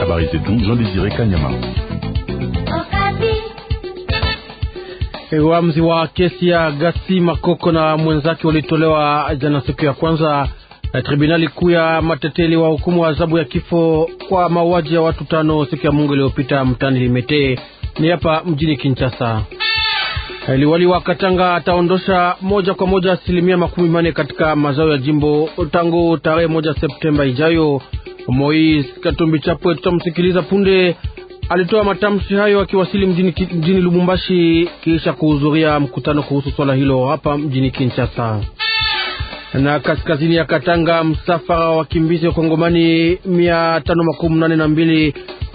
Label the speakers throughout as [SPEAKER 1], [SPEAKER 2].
[SPEAKER 1] Habari zetu Jean Desire Kanyama. Wamzi wa kesi ya Gasi Makoko na mwenzake walitolewa jana siku ya kwanza na tribunali kuu ya Mateteli wa hukumu adhabu ya kifo kwa mauaji ya watu tano siku ya Mungu iliyopita mtani Limete ni hapa mjini Kinshasa. Liwali wa Katanga ataondosha moja kwa moja asilimia makumi mane katika mazao ya jimbo tangu tarehe moja Septemba ijayo. mois Katumbi Chapwe, tutamsikiliza punde. Alitoa matamshi hayo akiwasili mjini, mjini Lubumbashi kisha kuhudhuria mkutano kuhusu swala hilo hapa mjini Kinshasa. Na kaskazini ya Katanga, msafara wa wakimbizi wa Kongomani mia tano makumi nane na mbili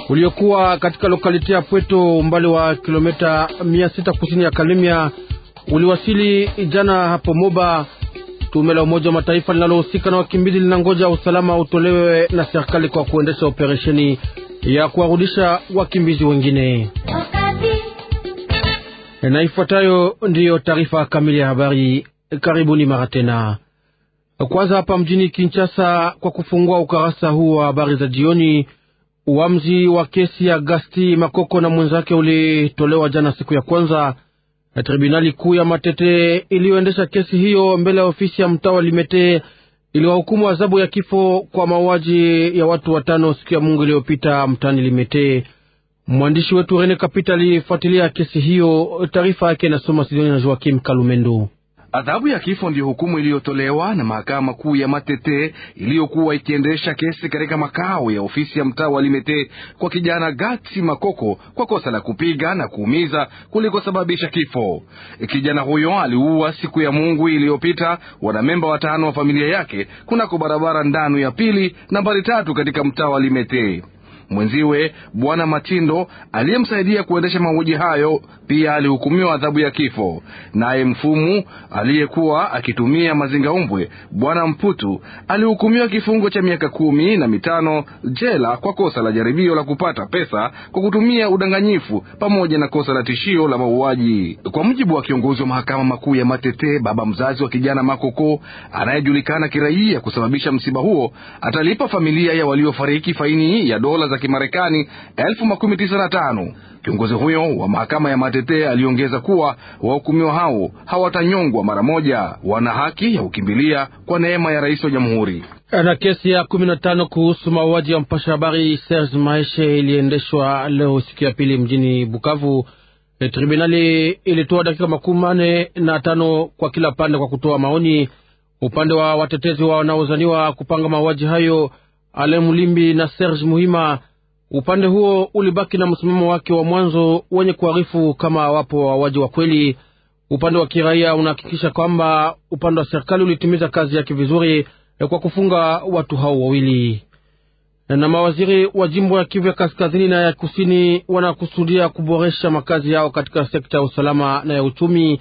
[SPEAKER 1] uliokuwa katika lokaliti ya Pweto umbali wa kilomita 600 kusini ya Kalemia uliwasili jana hapo Moba. Tume la Umoja wa Mataifa linalohusika na wakimbizi linangoja usalama utolewe na serikali kwa kuendesha operesheni ya kuwarudisha wakimbizi wengine. Na ifuatayo ndiyo taarifa kamili ya habari. Karibuni mara tena. Kwanza hapa mjini Kinshasa, kwa kufungua ukarasa huu wa habari za jioni Uamzi wa kesi ya Gasti Makoko na mwenzake ulitolewa jana siku ya kwanza na tribunali kuu ya Matete iliyoendesha kesi hiyo mbele ya ofisi ya mtaa wa Limete iliwahukumu adhabu ya kifo kwa mauaji ya watu watano siku ya Mungu iliyopita mtaani Limete. Mwandishi wetu Rene Kapita alifuatilia kesi hiyo, taarifa yake inasoma Sidoni na Joakim Kalumendo.
[SPEAKER 2] Adhabu ya kifo ndiyo hukumu iliyotolewa na mahakama kuu ya Matete iliyokuwa ikiendesha kesi katika makao ya ofisi ya mtaa wa Limete kwa kijana Gati Makoko kwa kosa la kupiga na kuumiza kulikosababisha kifo. Kijana huyo aliua siku ya Mungu iliyopita wanamemba watano wa familia yake kunako barabara ndanu ya pili nambari tatu katika mtaa wa Limete. Mwenziwe Bwana Matindo aliyemsaidia kuendesha mauaji hayo pia alihukumiwa adhabu ya kifo. Naye Mfumu aliyekuwa akitumia umbwe Bwana Mputu alihukumiwa kifungo cha miaka kumi na mitano jela kwa kosa la jaribio la kupata pesa kwa kutumia udanganyifu pamoja na kosa la tishio la mauaji. Kwa mujibu wa kiongozi wa mahakama makuu ya Matete, baba mzazi wa kijana Makoko anayejulikana kiraia kusababisha msiba huo atalipa familia ya waliofariki faini ya dola za Kimarekani elfu makumi tisa na tano. Kiongozi huyo wa mahakama ya Matetee aliongeza kuwa wahukumiwa hao hawatanyongwa mara moja, wana haki ya kukimbilia kwa neema ya rais wa jamhuri.
[SPEAKER 1] Na kesi ya kumi na tano kuhusu mauaji ya mpasha habari Serge Maeshe iliendeshwa leo siku ya pili mjini Bukavu. E, tribunali ilitoa dakika makumi manne na tano kwa kila pande kwa kutoa maoni. Upande wa watetezi wanaozaniwa kupanga mauaji hayo Ale Mlimbi na Serge Muhima. Upande huo ulibaki na msimamo wake wa mwanzo wenye kuarifu kama wapo wawaji wa kweli. Upande wa kiraia unahakikisha kwamba upande wa serikali ulitimiza kazi yake vizuri eh, kwa kufunga watu hao wawili. Na mawaziri wa jimbo ya Kivu ya kaskazini na ya kusini wanakusudia kuboresha makazi yao katika sekta ya usalama na ya uchumi.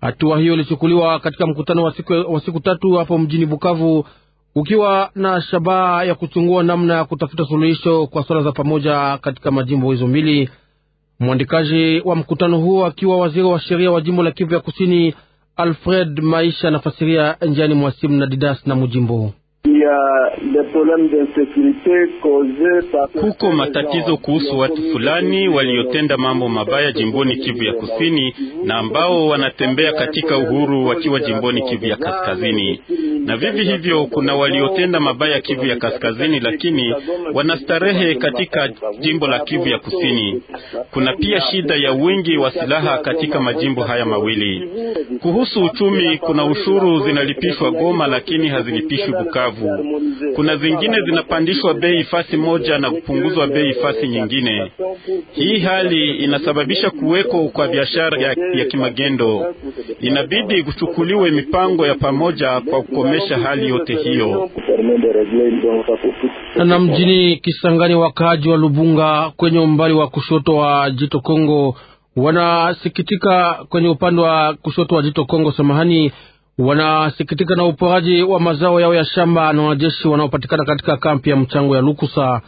[SPEAKER 1] Hatua hiyo ilichukuliwa katika mkutano wa siku, wa siku tatu hapo mjini Bukavu ukiwa na shabaha ya kuchungua namna ya kutafuta suluhisho kwa swala za pamoja katika majimbo hizo mbili. Mwandikaji wa mkutano huo akiwa waziri wa sheria wa jimbo la Kivu ya Kusini, Alfred Maisha anafasiria njiani mwasimu na Didas na Mujimbo. Kuko matatizo kuhusu watu fulani waliotenda mambo mabaya jimboni Kivu ya Kusini na ambao wanatembea katika uhuru wakiwa jimboni Kivu ya Kaskazini, na vivi hivyo kuna waliotenda mabaya Kivu ya Kaskazini, lakini wanastarehe katika jimbo la Kivu ya Kusini. Kuna pia shida ya wingi wa silaha katika majimbo haya mawili. Kuhusu uchumi, kuna ushuru zinalipishwa Goma, lakini hazilipishwi Bukavu. Bukavu. Kuna zingine zinapandishwa bei fasi moja na kupunguzwa bei fasi nyingine. Hii hali inasababisha kuweko kwa biashara ya, ya kimagendo. Inabidi kuchukuliwe mipango ya pamoja kwa kukomesha
[SPEAKER 3] hali yote hiyo. Na mjini
[SPEAKER 1] Kisangani, wakaaji wa Lubunga kwenye umbali wa kushoto wa Jito Kongo wanasikitika kwenye upande wa kushoto wa Jito Kongo, samahani wanasikitika na uporaji wa mazao yao ya shamba na wanajeshi wanaopatikana katika kampi ya mchango ya Lukusa.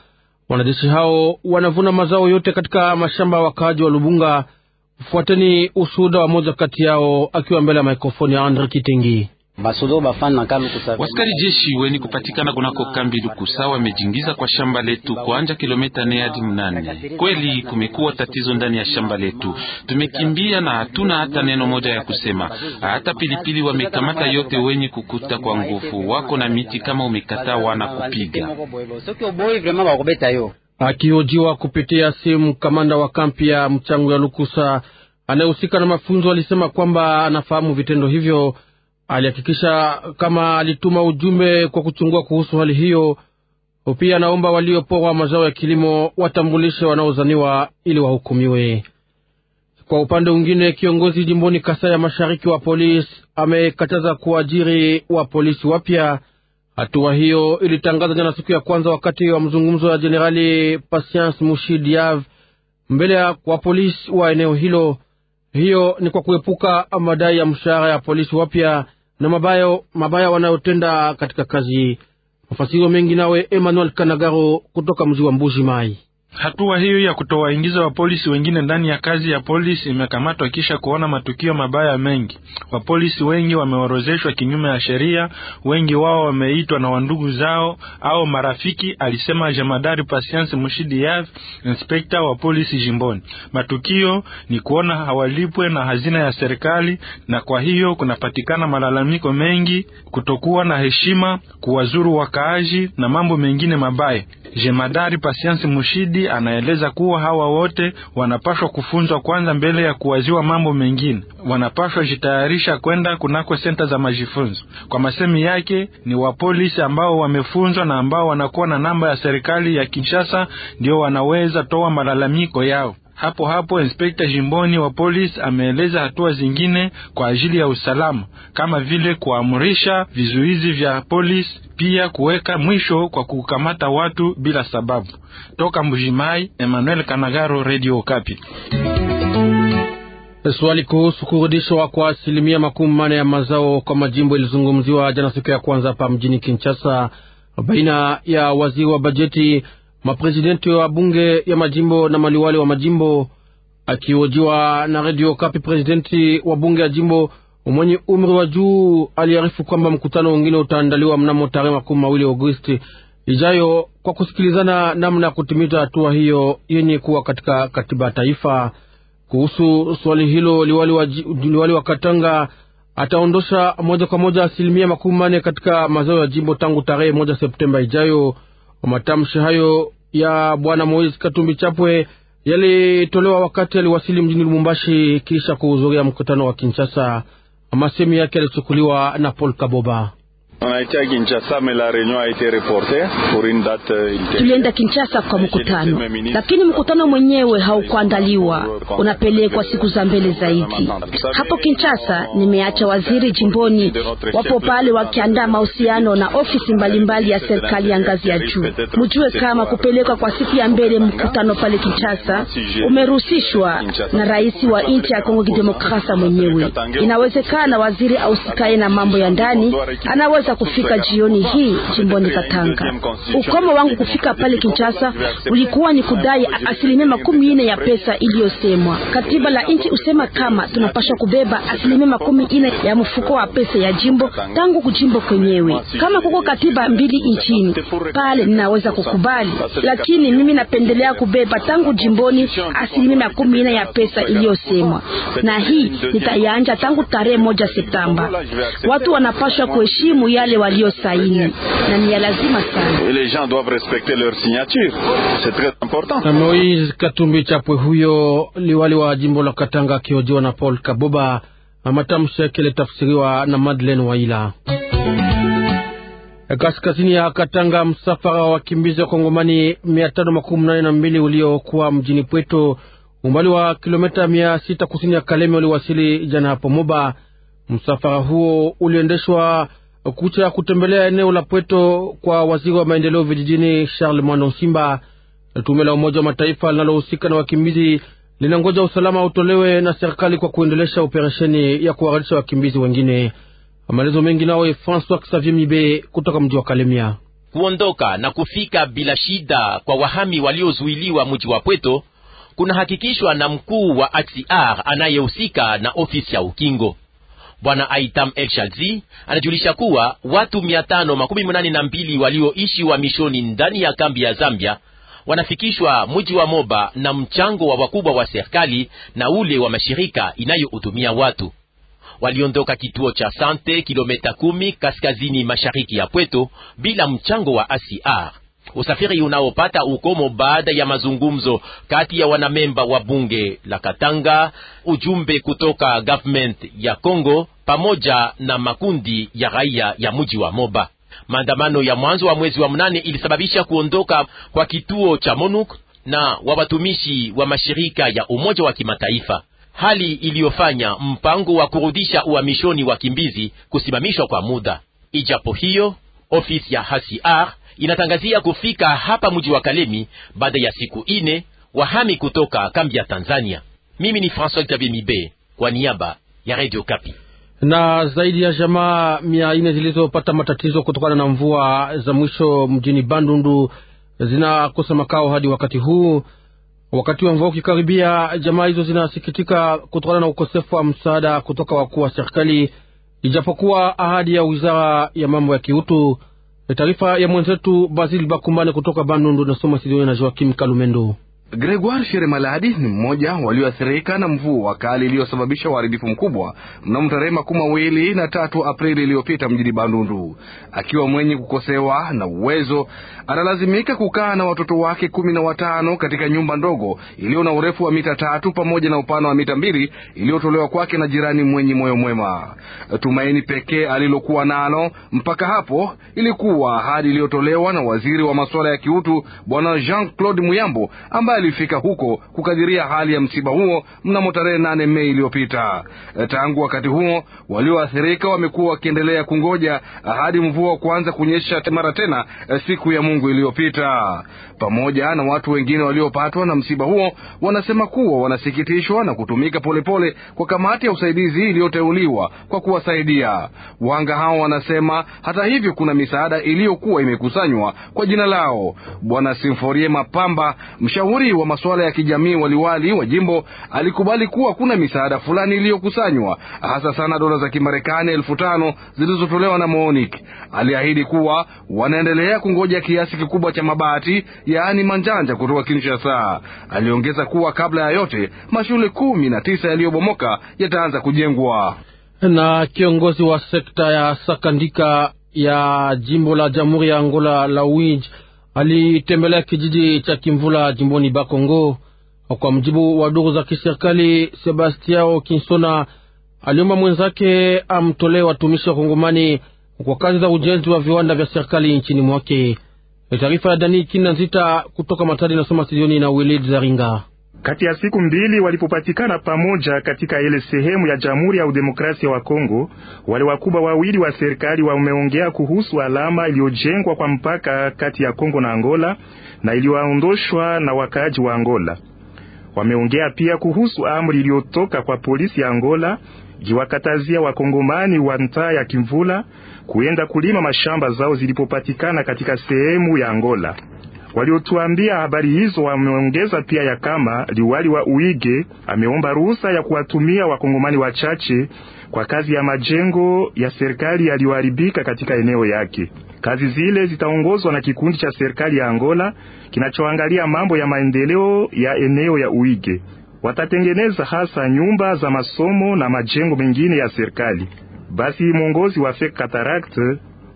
[SPEAKER 1] Wanajeshi hao wanavuna mazao yote katika mashamba ya wakaaji wa Lubunga. Fuateni ushuhuda wa moja kati yao akiwa mbele ya mikrofoni ya Andre Kitengi.
[SPEAKER 3] Waskari jeshi weni kupatikana kunako kambi Lukusa wamejingiza kwa shamba letu kwa kilometa kilomita nne hadi mnane. Kweli kumekuwa tatizo ndani ya shamba letu, tumekimbia na hatuna hata neno moja ya kusema. Hata pilipili wamekamata yote wenye kukuta kwa nguvu, wako na miti kama umekataa wana kupiga.
[SPEAKER 1] Akihojiwa kupitia simu, kamanda wa kampi ya mchango ya Lukusa anayehusika na mafunzo alisema kwamba anafahamu vitendo hivyo alihakikisha kama alituma ujumbe kwa kuchungua kuhusu hali hiyo. Pia anaomba walioporwa mazao ya kilimo watambulishe wanaozaniwa ili wahukumiwe. Kwa upande mwingine, kiongozi jimboni Kasai ya mashariki wa polisi amekataza kuajiri wa polisi wapya. Hatua hiyo ilitangazwa jana siku ya kwanza wakati wa mzungumzo ya Jenerali Patience Mushidiav mbele ya wa polisi wa eneo hilo. Hiyo ni kwa kuepuka madai ya mshahara ya polisi wapya na mabaya, mabaya wanayotenda katika kazi. Mafasiro mengi nawe Emmanuel Kanagaro kutoka mji wa Mbuji Mai.
[SPEAKER 4] Hatua hiyo ya kutowaingiza wapolisi wengine ndani ya kazi ya polisi imekamatwa kisha kuona matukio mabaya mengi. Wapolisi wengi wameorozeshwa kinyume ya sheria, wengi wao wameitwa na wandugu zao au marafiki, alisema Jemadari Patience Mushidi Yav, inspekta wa polisi jimboni. Matukio ni kuona hawalipwe na hazina ya serikali, na kwa hiyo kunapatikana malalamiko mengi, kutokuwa na heshima, kuwazuru wakaaji na mambo mengine mabaya. Jemadari Patience Mushidi anaeleza kuwa hawa wote wanapashwa kufunzwa kwanza mbele ya kuwaziwa mambo mengine, wanapashwa jitayarisha kwenda kunako senta za majifunzo. Kwa masemi yake, ni wapolisi ambao wamefunzwa na ambao wanakuwa na namba ya serikali ya Kinshasa ndio wanaweza toa malalamiko yao. Hapo hapo inspekta jimboni wa polisi ameeleza hatua zingine kwa ajili ya usalama kama vile kuamrisha vizuizi vya polisi, pia kuweka mwisho kwa kukamata watu bila sababu. Toka Mbujimai, Emmanuel Kanagaro, Radio Okapi. Swali
[SPEAKER 1] kuhusu kurudishwa kwa asilimia makumi mane ya mazao kwa majimbo ilizungumziwa jana siku ya kwanza hapa mjini Kinshasa baina ya waziri wa bajeti maprezidenti wa bunge ya majimbo na maliwali wa majimbo. akiojiwa na redio Kapi, prezidenti wa bunge ya jimbo mwenye umri wa juu aliarifu kwamba mkutano wengine utaandaliwa mnamo tarehe makumi mawili Agosti ijayo kwa kusikilizana namna ya kutimiza hatua hiyo yenye kuwa katika katiba ya taifa. Kuhusu swali hilo, liwali wa, liwali wa Katanga ataondosha moja kwa moja asilimia makumi manne katika mazao ya jimbo tangu tarehe moja Septemba ijayo. Matamshi hayo ya bwana Moise Katumbi Chapwe yalitolewa wakati aliwasili mjini Lubumbashi kisha kuhudhuria mkutano wa Kinshasa. Masemi yake yalichukuliwa na Paul Kaboba.
[SPEAKER 3] Euh,
[SPEAKER 5] Tulienda Kinshasa kwa mkutano, lakini mkutano mwenyewe haukuandaliwa, unapelekwa siku za mbele zaidi. Hapo Kinshasa nimeacha waziri jimboni, wapo pale wakiandaa mahusiano na ofisi mbalimbali ya serikali ya ngazi ya juu. Mjue kama kupelekwa kwa siku ya mbele mkutano pale Kinshasa umeruhusishwa na rais wa nchi ya Kongo Kidemokrasia mwenyewe. Inawezekana waziri ausikae na mambo ya ndani anaweza kuweza kufika jioni hii jimboni Katanga. Ukomo wangu kufika pale Kinshasa ulikuwa ni kudai asilimia makumi ine ya pesa iliyosemwa. Katiba la nchi usema kama tunapashwa kubeba asilimia makumi ine ya mfuko wa pesa ya jimbo tangu kujimbo kwenyewe. Kama kuko katiba mbili nchini pale, ninaweza kukubali, lakini mimi napendelea kubeba tangu jimboni asilimia makumi ine ya pesa iliyosemwa, na hii nitayanja tangu tarehe moja Septemba. Watu wanapashwa kuheshimu yale waliosaini na ni ya lazima
[SPEAKER 2] sana. gens doivent respecter leur signature. C'est très important.
[SPEAKER 1] Na Moise Katumbi Chapwe huyo liwali wa jimbo la Katanga akiojiwa na Paul Kaboba matamshi yake yalitafsiriwa na Madeleine Waila. E, kaskazini ya Katanga, msafara wa wakimbizi wa Kongomani mia tano makumi nane na mbili uliokuwa mjini Pweto, umbali wa kilomita mia sita kusini ya Kalemi, uliwasili jana hapo Moba. Msafara huo uliendeshwa kucha kutembelea eneo la Pweto kwa waziri wa maendeleo vijijini Charles Mwando Simba. Tume la Umoja wa Mataifa linalohusika na wakimbizi linangoja usalama utolewe na serikali kwa kuendelesha operesheni ya kuwarudisha wakimbizi wengine. Maelezo mengi nawe François Xavier Mibe kutoka mji wa Kalemia.
[SPEAKER 6] Kuondoka na kufika bila shida kwa wahami waliozuiliwa mji wa Pweto kunahakikishwa na mkuu wa ACR anayehusika na ofisi ya ukingo. Bwana Aitam el Shazi anajulisha kuwa watu mia tano makumi na mbili walioishi wa mishoni ndani ya kambi ya Zambia wanafikishwa mji wa Moba na mchango wa wakubwa wa serikali na ule wa mashirika inayohudumia watu. Waliondoka kituo cha sante kilomita kumi kaskazini mashariki ya Pweto bila mchango wa ACR usafiri unaopata ukomo baada ya mazungumzo kati ya wanamemba wa bunge la Katanga, ujumbe kutoka government ya congo pamoja na makundi ya raia ya mji wa Moba. Maandamano ya mwanzo wa mwezi wa mnane ilisababisha kuondoka kwa kituo cha MONUC na wa watumishi wa mashirika ya Umoja wa Kimataifa, hali iliyofanya mpango wa kurudisha uhamishoni wakimbizi kusimamishwa kwa muda. Ijapo hiyo ofisi ya HCR inatangazia kufika hapa mji wa Kalemi baada ya siku ine wahami kutoka kambi ya Tanzania. Mimi ni François Xavier Mibe kwa niaba ya Radio Kapi
[SPEAKER 1] na zaidi ya jamaa mia nne zilizopata matatizo kutokana na mvua za mwisho mjini Bandundu zinakosa makao hadi wakati huu. Wakati wa mvua ukikaribia, jamaa hizo zinasikitika kutokana na ukosefu wa msaada kutoka wakuu wa serikali, ijapokuwa ahadi ya wizara ya mambo ya kiutu. E taarifa ya mwenzetu Basil Bakumbane kutoka Bandundu, nasoma studioni na Joakim Kalumendo.
[SPEAKER 2] Gregoire Sheremaladi ni mmoja walioathirika na mvua wa kali iliyosababisha uharibifu mkubwa mnamo tarehe makumi mawili na tatu Aprili iliyopita mjini Bandundu. Akiwa mwenye kukosewa na uwezo, analazimika kukaa na watoto wake kumi na watano katika nyumba ndogo iliyo na urefu wa mita tatu pamoja na upana wa mita mbili iliyotolewa kwake na jirani mwenye moyo mwema. Tumaini pekee alilokuwa nalo mpaka hapo ilikuwa ahadi iliyotolewa na waziri wa masuala ya kiutu Bwana Jean Claude Muyambo ambaye alifika huko kukadhiria hali ya msiba huo mnamo tarehe nane Mei iliyopita. Tangu wakati huo walioathirika wamekuwa wakiendelea kungoja hadi mvua kuanza kunyesha mara tena eh, siku ya Mungu iliyopita. Pamoja na watu wengine waliopatwa na msiba huo, wanasema kuwa wanasikitishwa na kutumika polepole pole kwa kamati ya usaidizi iliyoteuliwa kwa kuwasaidia wanga hao. Wanasema hata hivyo, kuna misaada iliyokuwa imekusanywa kwa jina lao. Bwana Simforie Mapamba, mshauri wa masuala ya kijamii waliwali wa jimbo alikubali kuwa kuna misaada fulani iliyokusanywa hasa sana dola za Kimarekani elfu tano zilizotolewa na Moonik. Aliahidi kuwa wanaendelea kungoja kiasi kikubwa cha mabati yaani manjanja kutoka Kinshasa. Aliongeza kuwa kabla ya yote mashule kumi na tisa yaliyobomoka yataanza kujengwa.
[SPEAKER 1] Na kiongozi wa sekta ya Sakandika ya jimbo la Jamhuri ya Angola la Winji alitembelea kijiji cha Kimvula jimboni Bakongo. Kwa mjibu wa duru za kiserikali, Sebastiao Kinsona aliomba mwenzake amtolee watumishi wa Kongomani kwa kazi za ujenzi wa viwanda vya serikali nchini mwake. Taarifa ya Dani Kinanzita kutoka Matadi inasoma Silioni
[SPEAKER 3] na Wilid Zaringa. Kati ya siku mbili walipopatikana pamoja katika ile sehemu ya Jamhuri ya Udemokrasia wa Kongo, wale wakubwa wawili wa serikali wameongea kuhusu alama iliyojengwa kwa mpaka kati ya Kongo na Angola na iliyoondoshwa na wakaaji wa Angola. Wameongea pia kuhusu amri iliyotoka kwa polisi ya Angola jiwakatazia wakongomani wa ntaa ya Kimvula kuenda kulima mashamba zao zilipopatikana katika sehemu ya Angola. Waliotuambia habari hizo wameongeza pia ya kama liwali wa Uige ameomba ruhusa ya kuwatumia wakongomani wachache kwa kazi ya majengo ya serikali yaliyoharibika katika eneo yake. Kazi zile zitaongozwa na kikundi cha serikali ya Angola kinachoangalia mambo ya maendeleo ya eneo ya Uige. Watatengeneza hasa nyumba za masomo na majengo mengine ya serikali. Basi mwongozi wa FEC Cataract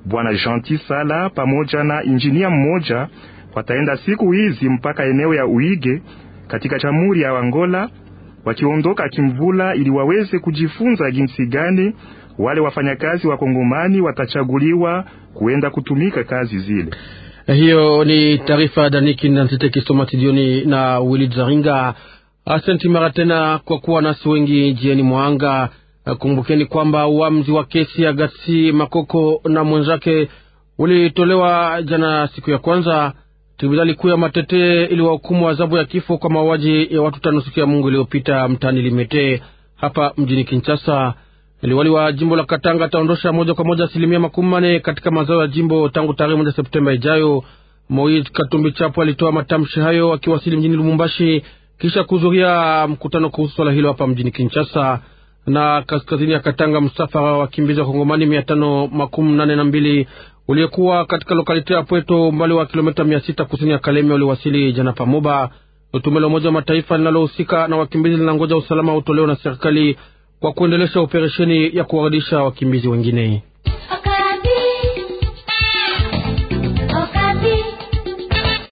[SPEAKER 3] Bwana Gentil Sala pamoja na injinia mmoja wataenda siku hizi mpaka eneo ya Uige katika chamuri ya Angola wakiondoka Kimvula ili waweze kujifunza jinsi gani wale wafanyakazi wa Kongomani watachaguliwa kuenda kutumika kazi zile.
[SPEAKER 1] Hiyo ni taarifa Daniki Nanzite Kisoma Tidioni na Willy Zaringa. Asante mara tena kwa kuwa nasi wengi jieni mwanga. Kumbukeni kwamba uamuzi wa kesi ya Gasi Makoko na mwenzake ulitolewa jana siku ya kwanza Tribunali kuu ya Matete iliwahukumu adhabu ya kifo kwa mauaji ya watu tano siku ya Mungu iliyopita mtaani Limete hapa mjini Kinshasa. Liwali wa jimbo la Katanga ataondosha moja kwa moja asilimia makumi manne katika mazao ya jimbo tangu tarehe moja Septemba ijayo. Moise Katumbi Chapo alitoa matamshi hayo akiwasili mjini Lubumbashi kisha kuhudhuria mkutano kuhusu swala hilo hapa mjini Kinshasa na kaskazini ya Katanga msafara wa wakimbizi wa Kongomani mia tano makumi nane na mbili uliokuwa katika lokalite ya Pweto umbali wa kilomita mia sita kusini ya Kalemi uliwasili jana pamoba. Tume la Umoja wa Mataifa linalohusika na wakimbizi linangoja usalama utolewa na serikali kwa kuendelesha operesheni ya kuwarudisha wakimbizi wengine.